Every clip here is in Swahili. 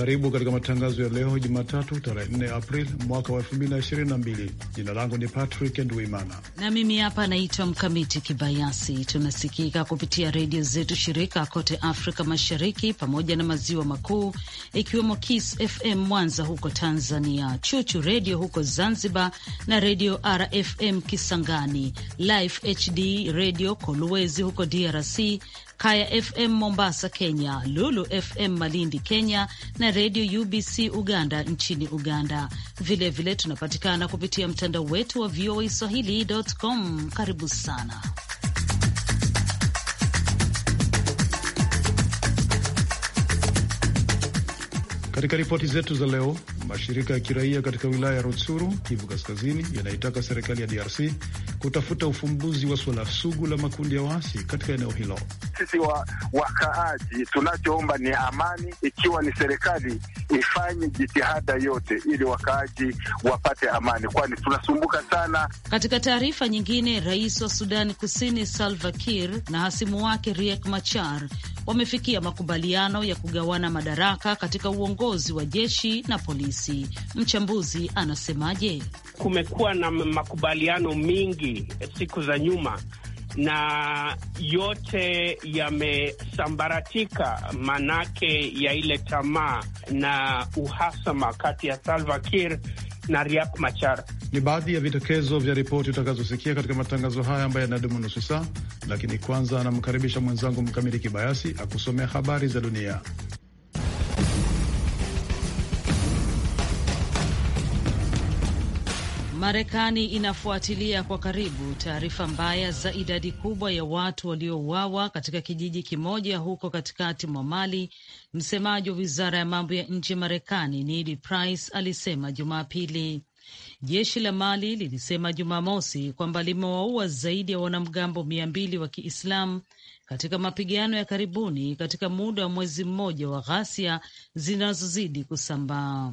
Karibu katika matangazo ya leo Jumatatu, tarehe 4 April mwaka wa 2022. Jina langu ni Patrick Ndwimana na mimi hapa naitwa Mkamiti Kibayasi. Tunasikika kupitia redio zetu shirika kote Afrika Mashariki pamoja na Maziwa Makuu, ikiwemo Kiss FM Mwanza huko Tanzania, Chuchu Redio huko Zanzibar na redio RFM Kisangani, Life HD Redio Kolwezi huko DRC, Kaya FM Mombasa, Kenya, Lulu FM Malindi, Kenya na redio UBC Uganda nchini Uganda. Vilevile vile tunapatikana kupitia mtandao wetu wa VOA Swahili.com. Karibu sana. Katika ripoti zetu za leo, mashirika ya kiraia katika wilaya ya Rutsuru, Kivu Kaskazini, yanaitaka serikali ya DRC kutafuta ufumbuzi wa suala sugu la makundi ya waasi katika eneo hilo. Sisi wa, wakaaji tunachoomba ni amani, ikiwa ni serikali ifanye jitihada yote ili wakaaji wapate amani, kwani tunasumbuka sana. Katika taarifa nyingine, rais wa Sudani Kusini Salva Kiir na hasimu wake Riek Machar wamefikia makubaliano ya kugawana madaraka katika uongozi wa jeshi na polisi. Mchambuzi anasemaje? Kumekuwa na makubaliano mingi hivi siku za nyuma, na yote yamesambaratika manake ya ile tamaa na uhasama kati ya Salva Kiir na Riek Machar. Ni baadhi ya vitokezo vya ripoti utakazosikia katika matangazo haya ambayo yanadumu nusu saa, lakini kwanza anamkaribisha mwenzangu Mkamili Kibayasi akusomea habari za dunia. Marekani inafuatilia kwa karibu taarifa mbaya za idadi kubwa ya watu waliouawa katika kijiji kimoja huko katikati mwa Mali. Msemaji wa wizara ya mambo ya nje Marekani Nili Price alisema Jumapili. Jeshi la Mali lilisema Jumamosi kwamba limewaua zaidi ya wanamgambo mia mbili wa Kiislamu katika mapigano ya karibuni katika muda wa mwezi mmoja wa ghasia zinazozidi kusambaa.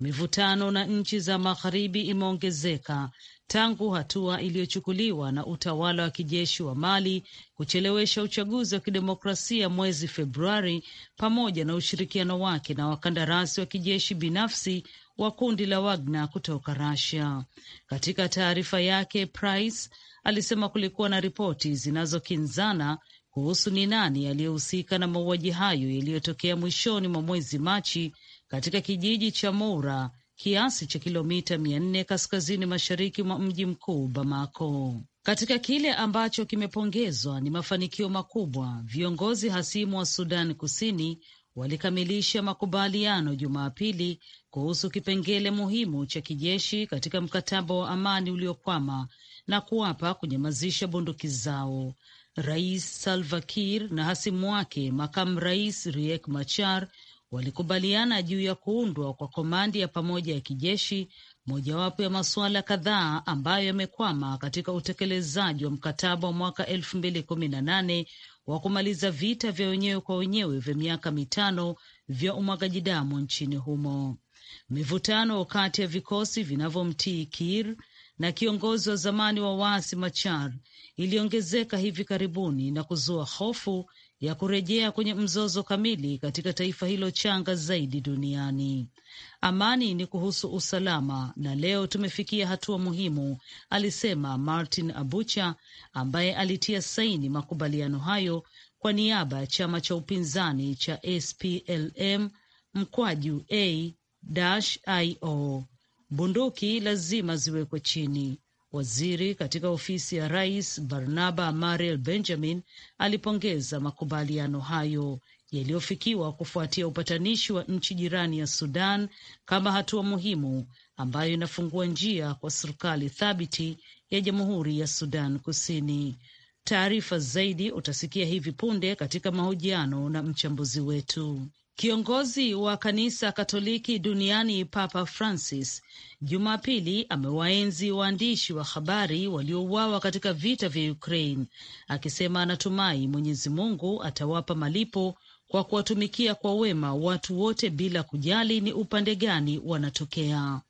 Mivutano na nchi za magharibi imeongezeka tangu hatua iliyochukuliwa na utawala wa kijeshi wa Mali kuchelewesha uchaguzi wa kidemokrasia mwezi Februari, pamoja na ushirikiano wake na wakandarasi wa kijeshi binafsi wa kundi la Wagner kutoka Russia. Katika taarifa yake, Price alisema kulikuwa na ripoti zinazokinzana kuhusu ni nani aliyehusika na mauaji hayo yaliyotokea mwishoni mwa mwezi Machi katika kijiji cha Moura kiasi cha kilomita mia nne kaskazini mashariki mwa mji mkuu Bamako. Katika kile ambacho kimepongezwa ni mafanikio makubwa, viongozi hasimu wa Sudan Kusini walikamilisha makubaliano Jumapili kuhusu kipengele muhimu cha kijeshi katika mkataba wa amani uliokwama na kuwapa kunyamazisha bunduki zao. Rais Salva Kiir na hasimu wake makamu rais Riek Machar walikubaliana juu ya kuundwa kwa komandi ya pamoja ya kijeshi, mojawapo ya masuala kadhaa ambayo yamekwama katika utekelezaji wa mkataba wa mwaka elfu mbili kumi na nane wa kumaliza vita vya wenyewe kwa wenyewe vya miaka mitano vya umwagaji damu nchini humo. Mivutano kati ya vikosi vinavyomtii kir na kiongozi wa zamani wa waasi Machar iliongezeka hivi karibuni na kuzua hofu ya kurejea kwenye mzozo kamili katika taifa hilo changa zaidi duniani. Amani ni kuhusu usalama, na leo tumefikia hatua muhimu, alisema Martin Abucha ambaye alitia saini makubaliano hayo kwa niaba ya chama cha upinzani cha SPLM mkwaju A-IO. Bunduki lazima ziwekwe chini. Waziri katika ofisi ya rais Barnaba Mariel Benjamin alipongeza makubaliano hayo yaliyofikiwa kufuatia upatanishi wa nchi jirani ya Sudan kama hatua muhimu ambayo inafungua njia kwa serikali thabiti ya Jamhuri ya Sudan Kusini. Taarifa zaidi utasikia hivi punde katika mahojiano na mchambuzi wetu. Kiongozi wa kanisa Katoliki duniani Papa Francis Jumapili amewaenzi waandishi wa habari waliouawa katika vita vya Ukraine, akisema anatumai Mwenyezi Mungu atawapa malipo kwa kuwatumikia kwa wema watu wote bila kujali ni upande gani wanatokea.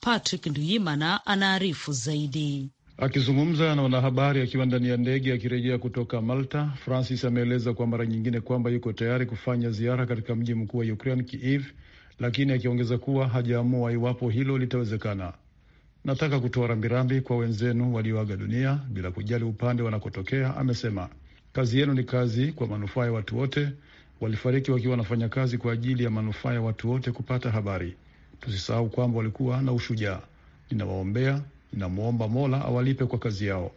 Patrick Nduyimana anaarifu zaidi. Akizungumza na wanahabari akiwa ndani ya ndege akirejea kutoka Malta, Francis ameeleza kwa mara nyingine kwamba yuko tayari kufanya ziara katika mji mkuu wa Ukraine, Kiev, lakini akiongeza kuwa hajaamua iwapo hilo litawezekana. Nataka kutoa rambirambi kwa wenzenu walioaga dunia bila kujali upande wanakotokea, amesema. Kazi yenu ni kazi kwa manufaa ya watu wote. Walifariki wakiwa wanafanya kazi kwa ajili ya manufaa ya watu wote kupata habari. Tusisahau kwamba walikuwa na ushujaa. Ninawaombea Namwomba Mola awalipe kwa kazi yao.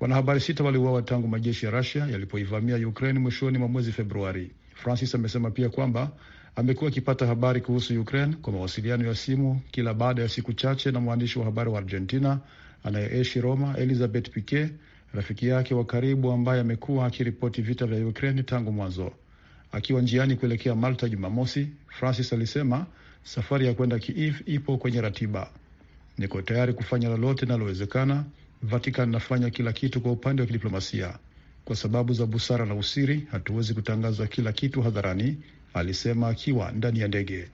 Wanahabari sita waliuawa tangu majeshi ya Rusia yalipoivamia Ukraine mwishoni mwa mwezi Februari. Francis amesema pia kwamba amekuwa akipata habari kuhusu Ukraine kwa mawasiliano ya simu kila baada ya siku chache na mwandishi wa habari wa Argentina anayeishi Roma, Elizabeth Pique, rafiki yake wa karibu ambaye amekuwa akiripoti vita vya Ukraine tangu mwanzo. Akiwa njiani kuelekea Malta Jumamosi, Francis alisema safari ya kwenda Kiev ipo kwenye ratiba niko tayari kufanya lolote linalowezekana. Vatican nafanya kila kitu kwa upande wa kidiplomasia. Kwa sababu za busara na usiri, hatuwezi kutangaza kila kitu hadharani, alisema akiwa ndani ya ndege.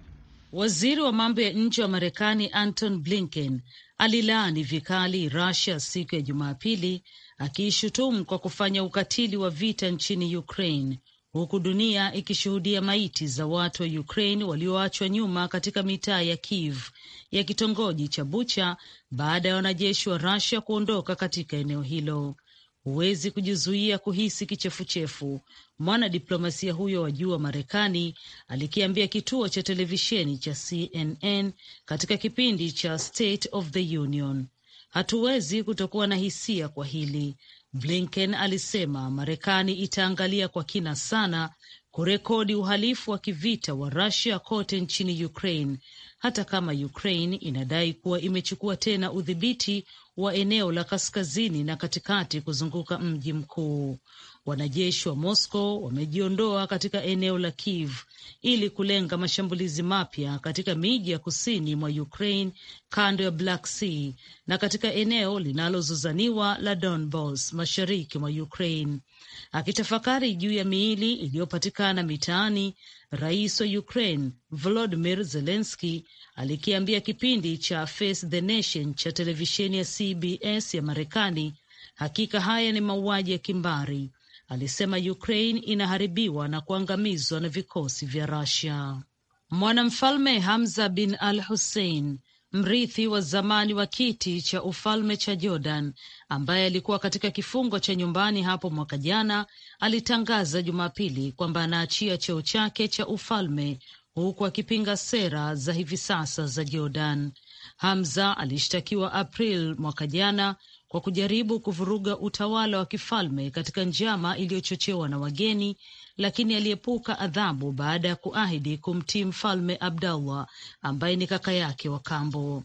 Waziri wa mambo ya nje wa Marekani Anton Blinken alilaani vikali rasia siku ya Jumapili, akiishutumu kwa kufanya ukatili wa vita nchini Ukraine huku dunia ikishuhudia maiti za watu wa Ukraine walioachwa nyuma katika mitaa ya Kiev ya kitongoji cha Bucha baada ya wanajeshi wa Russia kuondoka katika eneo hilo. Huwezi kujizuia kuhisi kichefuchefu, mwanadiplomasia huyo wa juu wa Marekani alikiambia kituo cha televisheni cha CNN katika kipindi cha State of the Union. Hatuwezi kutokuwa na hisia kwa hili, Blinken alisema Marekani itaangalia kwa kina sana kurekodi uhalifu wa kivita wa rasia kote nchini Ukraine, hata kama Ukraine inadai kuwa imechukua tena udhibiti wa eneo la kaskazini na katikati kuzunguka mji mkuu. Wanajeshi wa Moscow wamejiondoa katika eneo la Kiev ili kulenga mashambulizi mapya katika miji ya kusini mwa Ukraine, kando ya Black Sea na katika eneo linalozozaniwa la Donbas, mashariki mwa Ukraine. Akitafakari juu ya miili iliyopatikana mitaani, rais wa Ukraine volodimir zelenski alikiambia kipindi cha Face the Nation cha televisheni ya CBS ya Marekani, hakika haya ni mauaji ya kimbari alisema Ukraine inaharibiwa na kuangamizwa na vikosi vya Rusia. Mwanamfalme Hamza bin al Hussein, mrithi wa zamani wa kiti cha ufalme cha Jordan ambaye alikuwa katika kifungo cha nyumbani hapo mwaka jana, alitangaza Jumapili kwamba anaachia cheo chake cha ufalme huku akipinga sera za hivi sasa za Jordan. Hamza alishtakiwa April mwaka jana kwa kujaribu kuvuruga utawala wa kifalme katika njama iliyochochewa na wageni, lakini aliepuka adhabu baada ya kuahidi kumtii Mfalme Abdallah ambaye ni kaka yake wa kambo.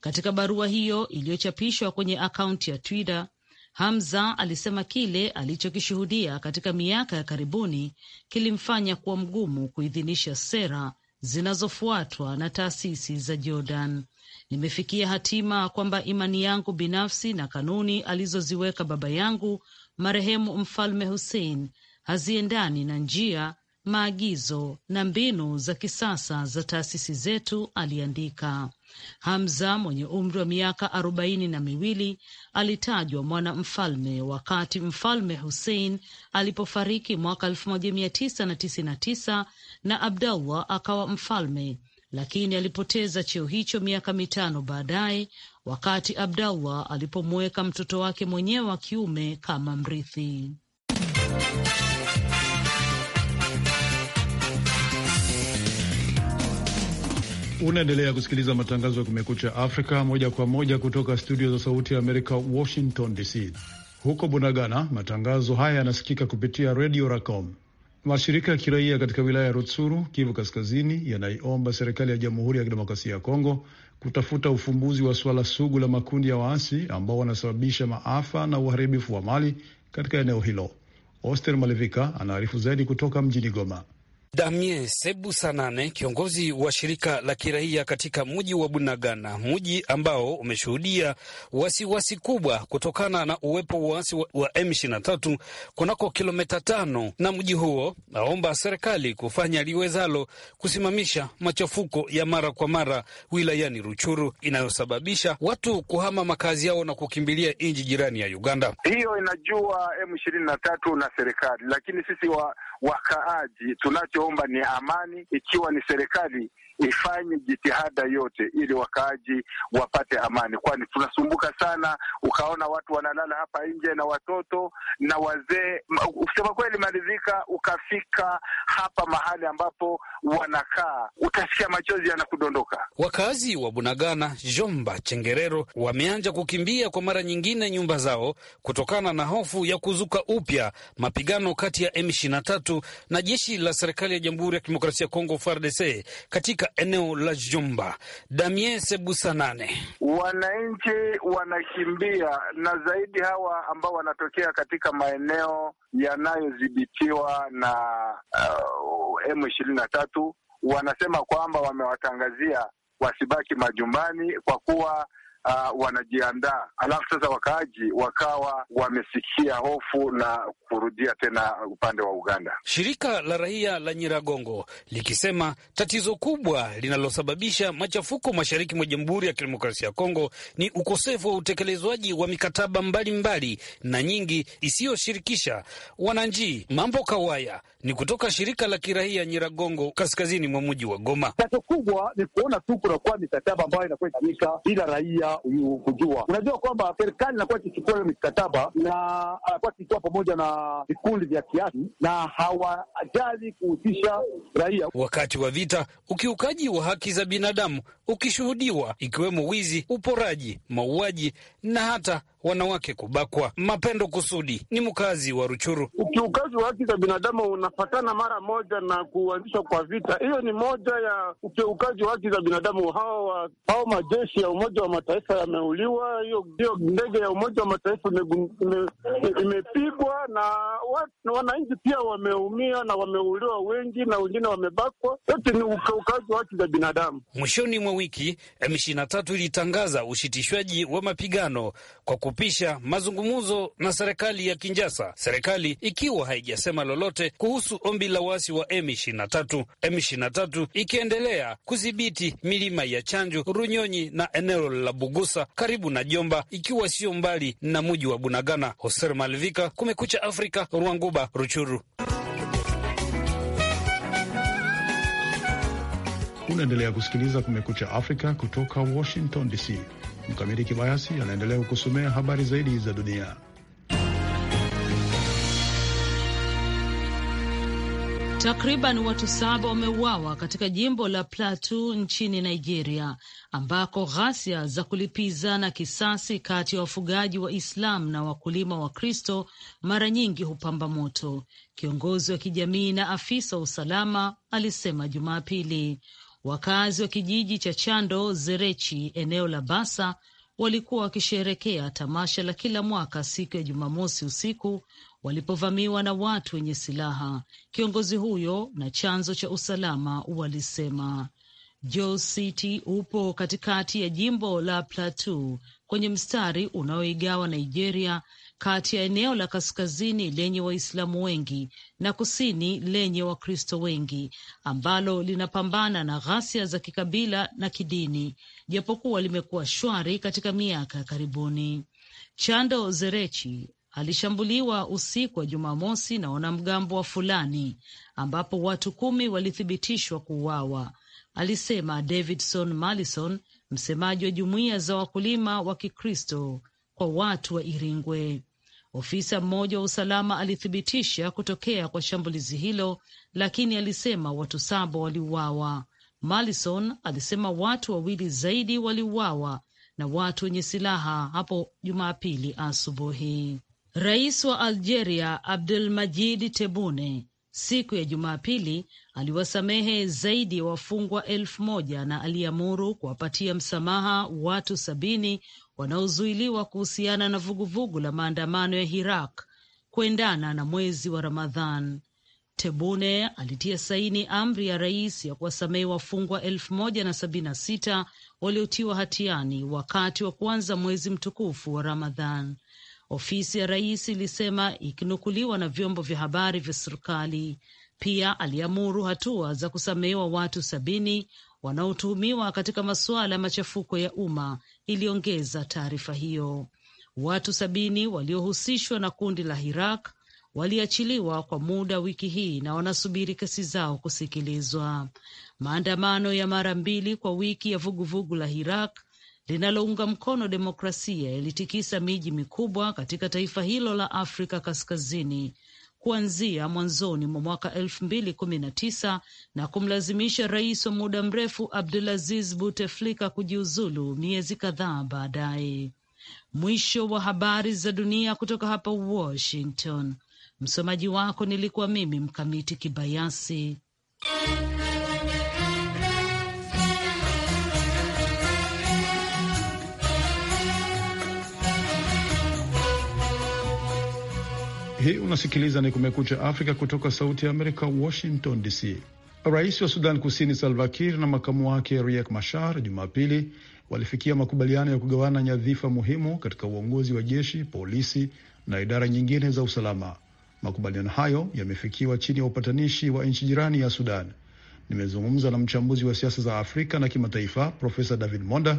Katika barua hiyo iliyochapishwa kwenye akaunti ya Twitter, Hamza alisema kile alichokishuhudia katika miaka ya karibuni kilimfanya kuwa mgumu kuidhinisha sera zinazofuatwa na taasisi za Jordan. Nimefikia hatima kwamba imani yangu binafsi na kanuni alizoziweka baba yangu marehemu Mfalme Hussein haziendani na njia, maagizo na mbinu za kisasa za taasisi zetu, aliandika. Hamza mwenye umri wa miaka arobaini na miwili alitajwa mwanamfalme wakati Mfalme Hussein alipofariki mwaka 1999 na Abdallah akawa mfalme, lakini alipoteza cheo hicho miaka mitano baadaye wakati Abdallah alipomuweka mtoto wake mwenyewe wa kiume kama mrithi. Unaendelea kusikiliza matangazo ya Kumekucha Afrika moja kwa moja kutoka studio za Sauti ya Amerika, Washington DC. Huko Bunagana, matangazo haya yanasikika kupitia redio Racom. Mashirika ya kiraia katika wilaya ya Rutsuru, Kivu Kaskazini, yanaiomba serikali ya Jamhuri ya Kidemokrasia ya Kongo kutafuta ufumbuzi wa suala sugu la makundi ya waasi ambao wanasababisha maafa na uharibifu wa mali katika eneo hilo. Oster Malevika anaarifu zaidi kutoka mjini Goma. Damien Sebu Sanane, kiongozi wa shirika la kiraia katika mji wa Bunagana, mji ambao umeshuhudia wasiwasi kubwa kutokana na uwepo wa waasi wa M23 kunako kilomita tano na mji huo, naomba serikali kufanya liwezalo kusimamisha machafuko ya mara kwa mara wilayani Ruchuru inayosababisha watu kuhama makazi yao na kukimbilia nchi jirani ya Uganda. Hiyo inajua M23 na serikali, lakini sisi wa wakaaji. Tunachoomba ni amani, ikiwa ni serikali ifanye jitihada yote ili wakaaji wapate amani, kwani tunasumbuka sana. Ukaona watu wanalala hapa nje na watoto na wazee. Kusema kweli, maridhika, ukafika hapa mahali ambapo wanakaa, utasikia machozi yanakudondoka. Wakaazi wa Bunagana, Jomba, Chengerero wameanza kukimbia kwa mara nyingine nyumba zao kutokana na hofu ya kuzuka upya mapigano kati ya M23 tatu na jeshi la serikali ya Jamhuri ya Kidemokrasia ya Kongo FARDC katika eneo la Jumba. Damien Sebusanane, wananchi wanakimbia na zaidi hawa ambao wanatokea katika maeneo yanayodhibitiwa na uh, M ishirini na tatu wanasema kwamba wamewatangazia wasibaki majumbani kwa kuwa uh, wanajiandaa. Alafu sasa wakaaji wakawa wamesikia hofu na kurudia tena upande wa Uganda. Shirika la raia la Nyiragongo likisema tatizo kubwa linalosababisha machafuko mashariki mwa Jamhuri ya Kidemokrasia ya Kongo ni ukosefu wa utekelezwaji wa mikataba mbalimbali mbali, na nyingi isiyoshirikisha wananchi. Mambo Kawaya ni kutoka shirika la kiraia Nyiragongo, kaskazini mwa mji wa Goma. Tatizo kubwa ni kuona tu kunakuwa mikataba ambayo inakuwa inafanyika bila raia kujua. Unajua kwamba serikali inakuwa ikichukua hiyo mikataba na anakuwa ah, akitoa pamoja na vikundi vya kiasi na hawajali kuhusisha raia. Wakati wa vita, ukiukaji wa haki za binadamu ukishuhudiwa, ikiwemo wizi, uporaji, mauaji na hata wanawake kubakwa. Mapendo Kusudi ni mkazi wa Ruchuru. ukiukazi wa haki za binadamu unafatana mara moja na kuanzishwa kwa vita. Hiyo ni moja ya ukiukaji wa haki za binadamu. Hao hao majeshi ya Umoja wa Mataifa yameuliwa, hiyo hiyo ndege ya Umoja wa Mataifa imepigwa, na wananchi pia wameumia na wameuliwa wengi, na wengine wamebakwa. Yote ni ukiukaji wa haki za binadamu. Mwishoni mwa wiki M23 ilitangaza ushitishwaji wa mapigano kwa kupisha mazungumzo na serikali ya Kinjasa, serikali ikiwa haijasema lolote kuhusu ombi la waasi wa M23, M23 ikiendelea kudhibiti milima ya Chanjo, Runyonyi na eneo la Bugusa karibu na Jomba, ikiwa sio mbali na muji wa Bunagana. Hoser Malvika, Kumekucha Afrika, Rwanguba, Ruchuru. Unaendelea kusikiliza Kumekucha Afrika kutoka Washington DC. Mkamili Kibayasi anaendelea kukusomea habari zaidi za dunia. Takriban watu saba wameuawa katika jimbo la Plateau nchini Nigeria, ambako ghasia za kulipizana kisasi kati ya wafugaji wa Islam na wakulima wa Kristo mara nyingi hupamba moto, kiongozi wa kijamii na afisa wa usalama alisema Jumapili. Wakazi wa kijiji cha Chando Zerechi, eneo la Basa, walikuwa wakisherekea tamasha la kila mwaka siku ya Jumamosi usiku walipovamiwa na watu wenye silaha. Kiongozi huyo na chanzo cha usalama walisema Joe City upo katikati ya jimbo la Plateau kwenye mstari unaoigawa Nigeria kati ya eneo la kaskazini lenye Waislamu wengi na kusini lenye Wakristo wengi ambalo linapambana na ghasia za kikabila na kidini, japokuwa limekuwa shwari katika miaka ya karibuni. Chando Zerechi alishambuliwa usiku wa Jumamosi na wanamgambo wa Fulani ambapo watu kumi walithibitishwa kuuawa, alisema Davidson malison msemaji wa jumuiya za wakulima wa Kikristo kwa watu wa Iringwe. Ofisa mmoja wa usalama alithibitisha kutokea kwa shambulizi hilo, lakini alisema watu saba waliuawa. Malison alisema watu wawili zaidi waliuawa na watu wenye silaha hapo Jumapili asubuhi. Rais wa Algeria abdul majid tebune siku ya Jumapili aliwasamehe zaidi ya wafungwa elfu moja na aliamuru kuwapatia msamaha watu sabini wanaozuiliwa kuhusiana na vuguvugu la maandamano ya Hirak kuendana na mwezi wa Ramadhan. Tebune alitia saini amri ya rais ya kuwasamehe wafungwa elfu moja na sabini na sita waliotiwa hatiani wakati wa kuanza mwezi mtukufu wa Ramadhan. Ofisi ya rais ilisema ikinukuliwa na vyombo vya habari vya serikali. Pia aliamuru hatua za kusamehewa watu sabini wanaotuhumiwa katika masuala ya machafuko ya umma, iliongeza taarifa hiyo. Watu sabini waliohusishwa na kundi la Hirak waliachiliwa kwa muda wiki hii na wanasubiri kesi zao kusikilizwa. Maandamano ya mara mbili kwa wiki ya vuguvugu vugu la Hirak linalounga mkono demokrasia yalitikisa miji mikubwa katika taifa hilo la Afrika Kaskazini kuanzia mwanzoni mwa mwaka elfu mbili kumi na tisa na kumlazimisha rais wa muda mrefu Abdulaziz Buteflika kujiuzulu miezi kadhaa baadaye. Mwisho wa habari za dunia kutoka hapa Washington. Msomaji wako nilikuwa mimi Mkamiti Kibayasi. Hii unasikiliza ni Kumekucha Afrika kutoka Sauti ya Amerika, Washington DC. Rais wa Sudan Kusini Salva Kiir na makamu wake Riek Machar Jumapili walifikia makubaliano ya kugawana nyadhifa muhimu katika uongozi wa jeshi, polisi na idara nyingine za usalama. Makubaliano hayo yamefikiwa chini ya upatanishi wa nchi jirani ya Sudan. Nimezungumza na mchambuzi wa siasa za Afrika na kimataifa Profesa David Monda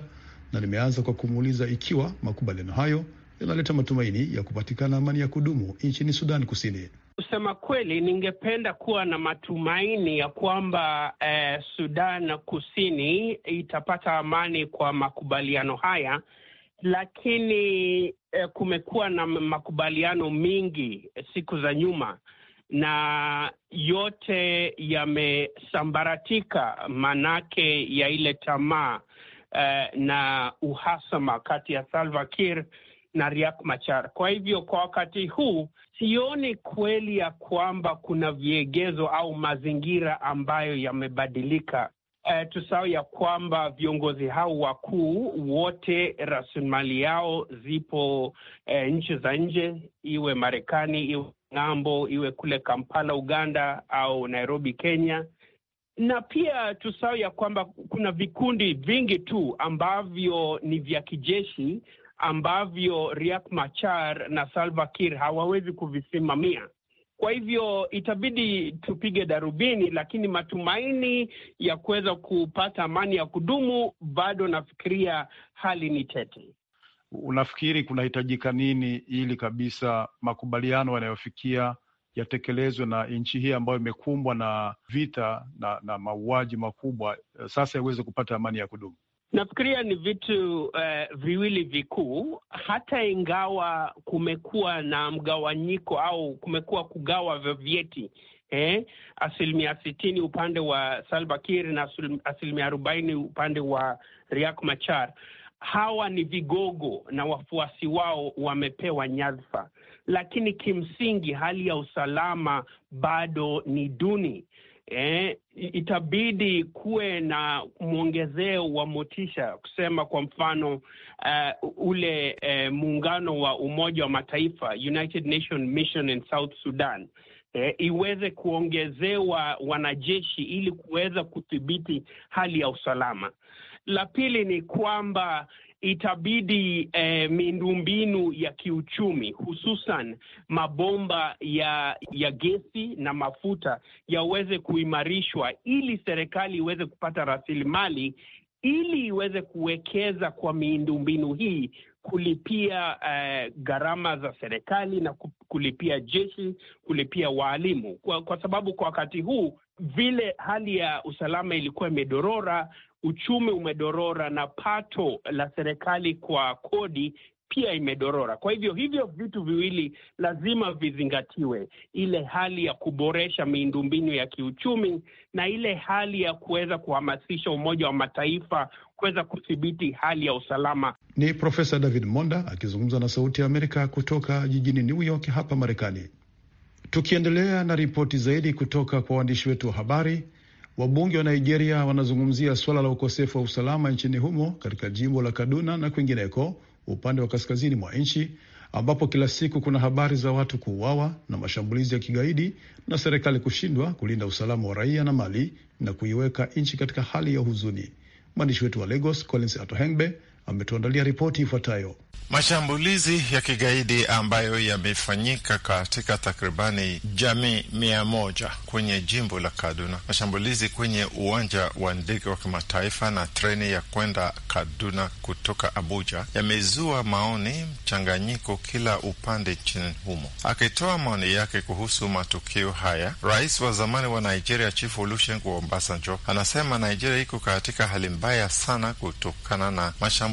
na nimeanza kwa kumuuliza ikiwa makubaliano hayo yanaleta matumaini ya kupatikana amani ya kudumu nchini Sudan Kusini. Kusema kweli, ningependa kuwa na matumaini ya kwamba eh, Sudan Kusini itapata amani kwa makubaliano haya, lakini eh, kumekuwa na makubaliano mingi eh, siku za nyuma na yote yamesambaratika, manake ya ile tamaa eh, na uhasama kati ya Salva Kiir na Riek Machar. Kwa hivyo kwa wakati huu sioni kweli ya kwamba kuna viegezo au mazingira ambayo yamebadilika. Uh, tusahau ya kwamba viongozi hao wakuu wote rasilimali yao zipo uh, nchi za nje, iwe Marekani, iwe ng'ambo, iwe kule Kampala Uganda, au Nairobi Kenya. Na pia tusahau ya kwamba kuna vikundi vingi tu ambavyo ni vya kijeshi ambavyo Riek Machar na Salva Kiir hawawezi kuvisimamia. Kwa hivyo itabidi tupige darubini, lakini matumaini ya kuweza kupata amani ya kudumu bado, nafikiria hali ni tete. Unafikiri kunahitajika nini ili kabisa makubaliano yanayofikia yatekelezwe na nchi hii ambayo imekumbwa na vita na, na mauaji makubwa, eh, sasa iweze kupata amani ya kudumu? Nafikiria ni vitu uh, viwili vikuu, hata ingawa kumekuwa na mgawanyiko au kumekuwa kugawa vyovyeti vyeti eh, asilimia sitini upande wa Salva Kiir na asilimia arobaini upande wa riak Machar. Hawa ni vigogo na wafuasi wao wamepewa nyadhifa, lakini kimsingi hali ya usalama bado ni duni eh, itabidi kuwe na mwongezeo wa motisha kusema, kwa mfano uh, ule uh, muungano wa Umoja wa Mataifa United Nation Mission in South Sudan eh, iweze kuongezewa wanajeshi ili kuweza kudhibiti hali ya usalama. La pili ni kwamba itabidi eh, miundombinu ya kiuchumi hususan mabomba ya ya gesi na mafuta yaweze kuimarishwa ili serikali iweze kupata rasilimali ili iweze kuwekeza kwa miundombinu hii kulipia uh, gharama za serikali na kulipia jeshi, kulipia waalimu kwa, kwa sababu kwa wakati huu vile hali ya usalama ilikuwa imedorora, uchumi umedorora na pato la serikali kwa kodi pia imedorora. Kwa hivyo hivyo vitu viwili lazima vizingatiwe, ile hali ya kuboresha miundombinu ya kiuchumi na ile hali ya kuweza kuhamasisha Umoja wa Mataifa kuweza kudhibiti hali ya usalama. Ni Profesa David Monda akizungumza na Sauti ya Amerika kutoka jijini New York hapa Marekani. Tukiendelea na ripoti zaidi kutoka kwa waandishi wetu wa habari. Wabunge wa Nigeria wanazungumzia suala la ukosefu wa usalama nchini humo katika jimbo la Kaduna na kwingineko upande wa kaskazini mwa nchi ambapo kila siku kuna habari za watu kuuawa na mashambulizi ya kigaidi na serikali kushindwa kulinda usalama wa raia na mali na kuiweka nchi katika hali ya huzuni. Mwandishi wetu wa Lagos Collins Atohengbe ametuandalia ripoti ifuatayo. Mashambulizi ya kigaidi ambayo yamefanyika katika takribani jamii mia moja kwenye jimbo la Kaduna, mashambulizi kwenye uwanja wa ndege wa kimataifa na treni ya kwenda Kaduna kutoka Abuja yamezua maoni mchanganyiko kila upande nchini humo. Akitoa maoni yake kuhusu matukio haya, rais wa zamani wa Nigeria Chifu Olusegun Obasanjo anasema Nigeria iko katika hali mbaya sana kutokana na mashambulizi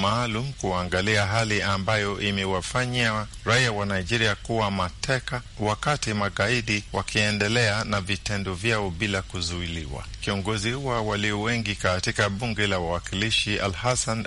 maalum kuangalia hali ambayo imewafanya raia wa Nigeria kuwa mateka, wakati magaidi wakiendelea na vitendo vyao bila kuzuiliwa. Kiongozi wa walio wengi katika bunge la wawakilishi Al Hassan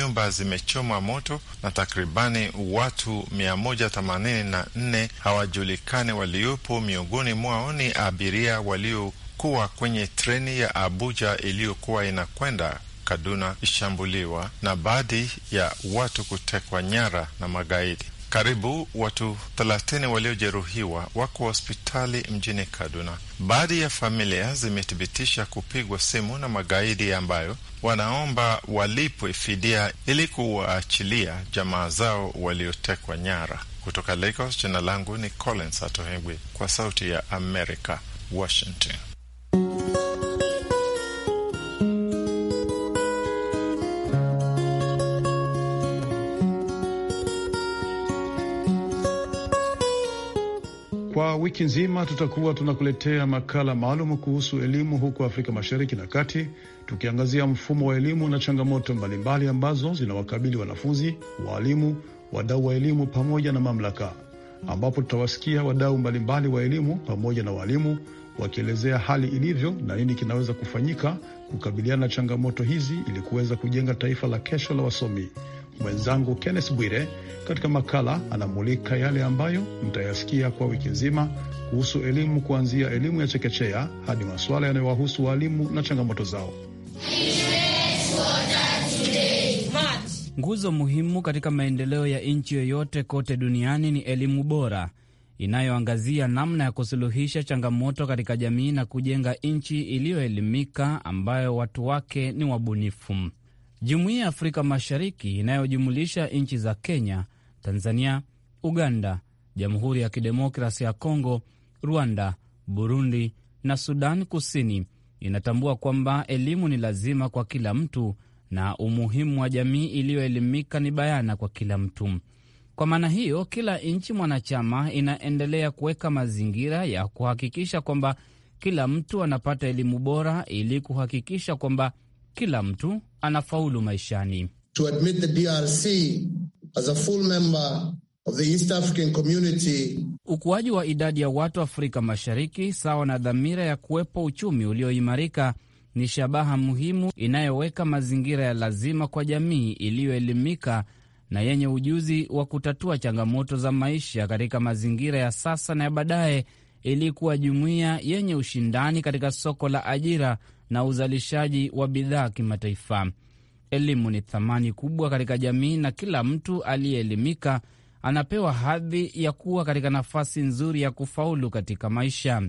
nyumba zimechomwa moto na takribani watu mia nne hawajulikani waliopo. Miongoni mwao ni abiria waliokuwa kwenye treni ya Abuja iliyokuwa inakwenda Kaduna ishambuliwa na baadhi ya watu kutekwa nyara na magaidi. Karibu watu 30 waliojeruhiwa wako hospitali mjini Kaduna. Baadhi ya familia zimethibitisha kupigwa simu na magaidi ambayo wanaomba walipwe fidia ili kuwaachilia jamaa zao waliotekwa nyara. Kutoka Lagos, jina langu ni Collins Atohegwi, kwa Sauti ya Amerika, Washington. Kwa wiki nzima tutakuwa tunakuletea makala maalum kuhusu elimu huko Afrika Mashariki na Kati, tukiangazia mfumo wa elimu na changamoto mbalimbali ambazo zinawakabili wanafunzi, waalimu, wadau wa elimu pamoja na mamlaka, ambapo tutawasikia wadau mbalimbali wa elimu pamoja na waalimu wakielezea hali ilivyo na nini kinaweza kufanyika kukabiliana na changamoto hizi ili kuweza kujenga taifa la kesho la wasomi. Mwenzangu Kenneth Bwire katika makala anamulika yale ambayo mtayasikia kwa wiki nzima kuhusu elimu, kuanzia elimu ya chekechea hadi masuala yanayowahusu waalimu na changamoto zao. Nguzo muhimu katika maendeleo ya nchi yoyote kote duniani ni elimu bora inayoangazia namna ya kusuluhisha changamoto katika jamii na kujenga nchi iliyoelimika ambayo watu wake ni wabunifu. Jumuiya ya Afrika Mashariki inayojumulisha nchi za Kenya, Tanzania, Uganda, Jamhuri ya Kidemokrasi ya Kongo, Rwanda, Burundi na Sudan Kusini inatambua kwamba elimu ni lazima kwa kila mtu na umuhimu wa jamii iliyoelimika ni bayana kwa kila mtu. Kwa maana hiyo, kila nchi mwanachama inaendelea kuweka mazingira ya kuhakikisha kwamba kila mtu anapata elimu bora ili kuhakikisha kwamba kila mtu anafaulu maishani. To admit the DRC as a full member of the East African Community. Ukuaji wa idadi ya watu Afrika Mashariki sawa na dhamira ya kuwepo uchumi ulioimarika ni shabaha muhimu inayoweka mazingira ya lazima kwa jamii iliyoelimika na yenye ujuzi wa kutatua changamoto za maisha katika mazingira ya sasa na ya baadaye ili kuwa jumuiya yenye ushindani katika soko la ajira na uzalishaji wa bidhaa kimataifa. Elimu ni thamani kubwa katika jamii na kila mtu aliyeelimika anapewa hadhi ya kuwa katika nafasi nzuri ya kufaulu katika maisha.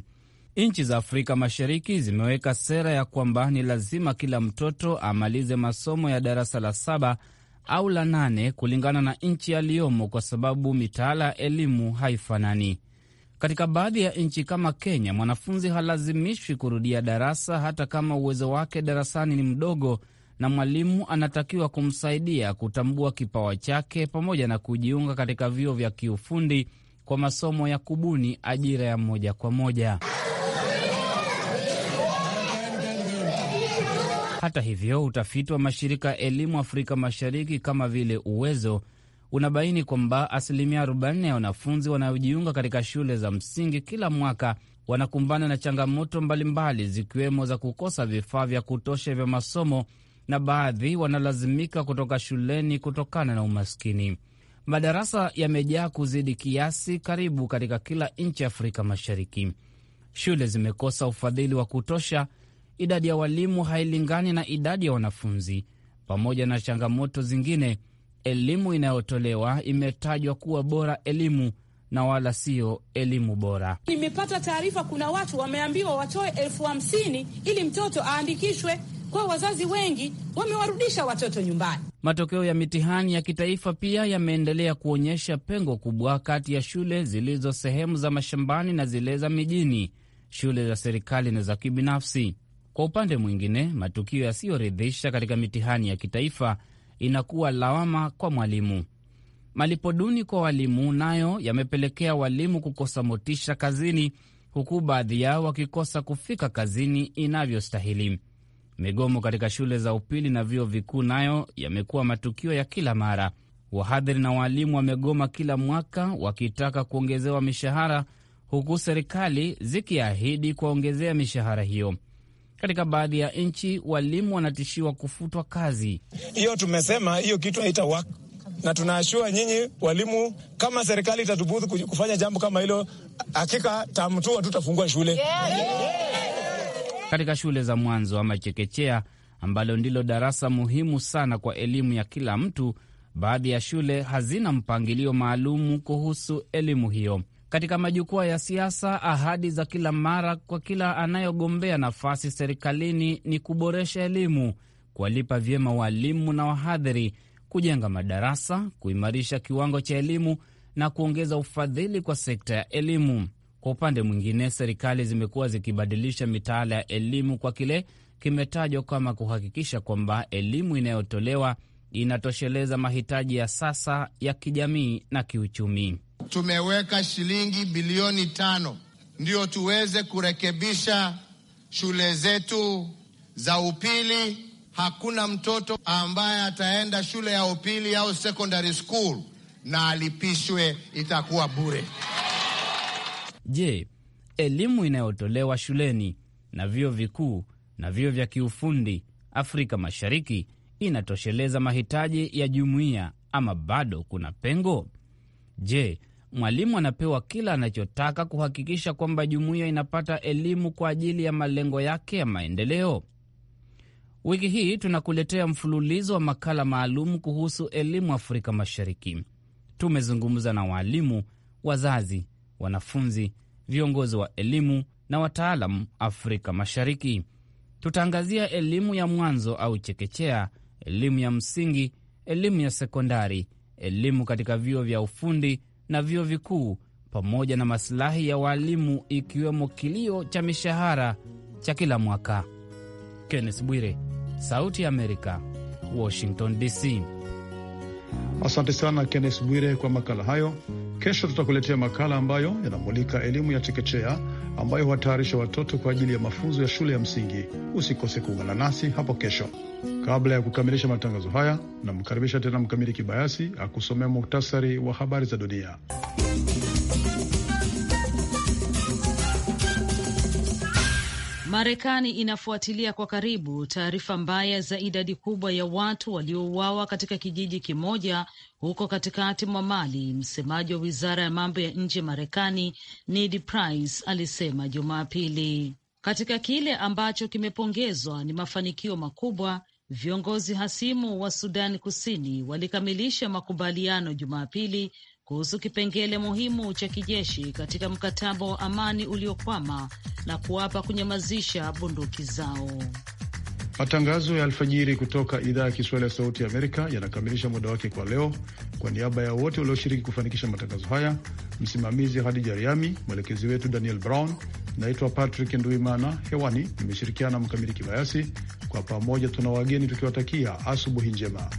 Nchi za Afrika Mashariki zimeweka sera ya kwamba ni lazima kila mtoto amalize masomo ya darasa la saba au la nane kulingana na nchi aliyomo, kwa sababu mitaala ya elimu haifanani. Katika baadhi ya nchi kama Kenya, mwanafunzi halazimishwi kurudia darasa hata kama uwezo wake darasani ni mdogo, na mwalimu anatakiwa kumsaidia kutambua kipawa chake pamoja na kujiunga katika vyuo vya kiufundi kwa masomo ya kubuni ajira ya moja kwa moja. Hata hivyo, utafiti wa mashirika ya elimu Afrika Mashariki kama vile Uwezo unabaini kwamba asilimia 40 ya wanafunzi wanaojiunga katika shule za msingi kila mwaka wanakumbana na changamoto mbalimbali zikiwemo za kukosa vifaa vya kutosha vya masomo na baadhi wanalazimika kutoka shuleni kutokana na umaskini. Madarasa yamejaa kuzidi kiasi karibu katika kila nchi ya Afrika Mashariki. Shule zimekosa ufadhili wa kutosha, idadi ya walimu hailingani na idadi ya wanafunzi, pamoja na changamoto zingine elimu inayotolewa imetajwa kuwa bora elimu na wala sio elimu bora. Nimepata taarifa, kuna watu wameambiwa watoe elfu hamsini ili mtoto aandikishwe, kwa wazazi wengi wamewarudisha watoto nyumbani. Matokeo ya mitihani ya kitaifa pia yameendelea kuonyesha pengo kubwa kati ya shule zilizo sehemu za mashambani na zile za mijini, shule za serikali na za kibinafsi. Kwa upande mwingine, matukio yasiyoridhisha katika mitihani ya kitaifa inakuwa lawama kwa mwalimu. Malipo duni kwa walimu nayo yamepelekea walimu kukosa motisha kazini, huku baadhi yao wakikosa kufika kazini inavyostahili. Migomo katika shule za upili na vyuo vikuu nayo yamekuwa matukio ya kila mara. Wahadhiri na waalimu wamegoma kila mwaka wakitaka kuongezewa mishahara, huku serikali zikiahidi kuwaongezea mishahara hiyo. Katika baadhi ya nchi walimu wanatishiwa kufutwa kazi. Hiyo tumesema hiyo kitu haitawaka na tunaashua nyinyi walimu, kama serikali itatubudhu kufanya jambo kama hilo, hakika tamtua tutafungua shule yeah, yeah. Katika shule za mwanzo ama chekechea, ambalo ndilo darasa muhimu sana kwa elimu ya kila mtu, baadhi ya shule hazina mpangilio maalumu kuhusu elimu hiyo katika majukwaa ya siasa, ahadi za kila mara kwa kila anayogombea nafasi serikalini ni kuboresha elimu, kuwalipa vyema walimu na wahadhiri, kujenga madarasa, kuimarisha kiwango cha elimu na kuongeza ufadhili kwa sekta ya elimu. Kwa upande mwingine, serikali zimekuwa zikibadilisha mitaala ya elimu kwa kile kimetajwa kama kuhakikisha kwamba elimu inayotolewa inatosheleza mahitaji ya sasa ya kijamii na kiuchumi tumeweka shilingi bilioni tano ndio tuweze kurekebisha shule zetu za upili. Hakuna mtoto ambaye ataenda shule ya upili au secondary school na alipishwe, itakuwa bure. Je, elimu inayotolewa shuleni na vyuo vikuu na vyuo vya kiufundi Afrika Mashariki inatosheleza mahitaji ya jumuiya ama bado kuna pengo? Je, mwalimu anapewa kila anachotaka kuhakikisha kwamba jumuiya inapata elimu kwa ajili ya malengo yake ya maendeleo. Wiki hii tunakuletea mfululizo wa makala maalum kuhusu elimu Afrika Mashariki. Tumezungumza na waalimu, wazazi, wanafunzi, viongozi wa elimu na wataalam Afrika Mashariki. Tutaangazia elimu ya mwanzo au chekechea, elimu ya msingi, elimu ya sekondari, elimu katika vyuo vya ufundi na vyuo vikuu pamoja na masilahi ya waalimu ikiwemo kilio cha mishahara cha kila mwaka. Kennes Bwire, Sauti ya Amerika, Washington DC. Asante sana kennes Bwire kwa makala hayo. Kesho tutakuletea makala ambayo yanamulika elimu ya chekechea ambayo huwatayarisha watoto kwa ajili ya mafunzo ya shule ya msingi. Usikose kuungana nasi hapo kesho. Kabla ya kukamilisha matangazo haya, namkaribisha tena Mkamili Kibayasi akusomea muhtasari wa habari za dunia. Marekani inafuatilia kwa karibu taarifa mbaya za idadi kubwa ya watu waliouawa katika kijiji kimoja huko katikati mwa Mali. Msemaji wa wizara ya mambo ya nje Marekani Ned Price alisema Jumapili katika kile ambacho kimepongezwa ni mafanikio makubwa. Viongozi hasimu wa Sudani Kusini walikamilisha makubaliano Jumapili kuhusu kipengele muhimu cha kijeshi katika mkataba wa amani uliokwama na kuwapa kunyamazisha bunduki zao. Matangazo ya alfajiri kutoka idhaa ya Kiswahili ya Sauti ya Amerika yanakamilisha muda wake kwa leo. Kwa niaba ya wote walioshiriki kufanikisha matangazo haya, msimamizi Hadija Riami, mwelekezi wetu Daniel Brown, naitwa Patrick Nduimana. Hewani nimeshirikiana Mkamili Kibayasi. Kwa pamoja tuna wageni tukiwatakia asubuhi njema.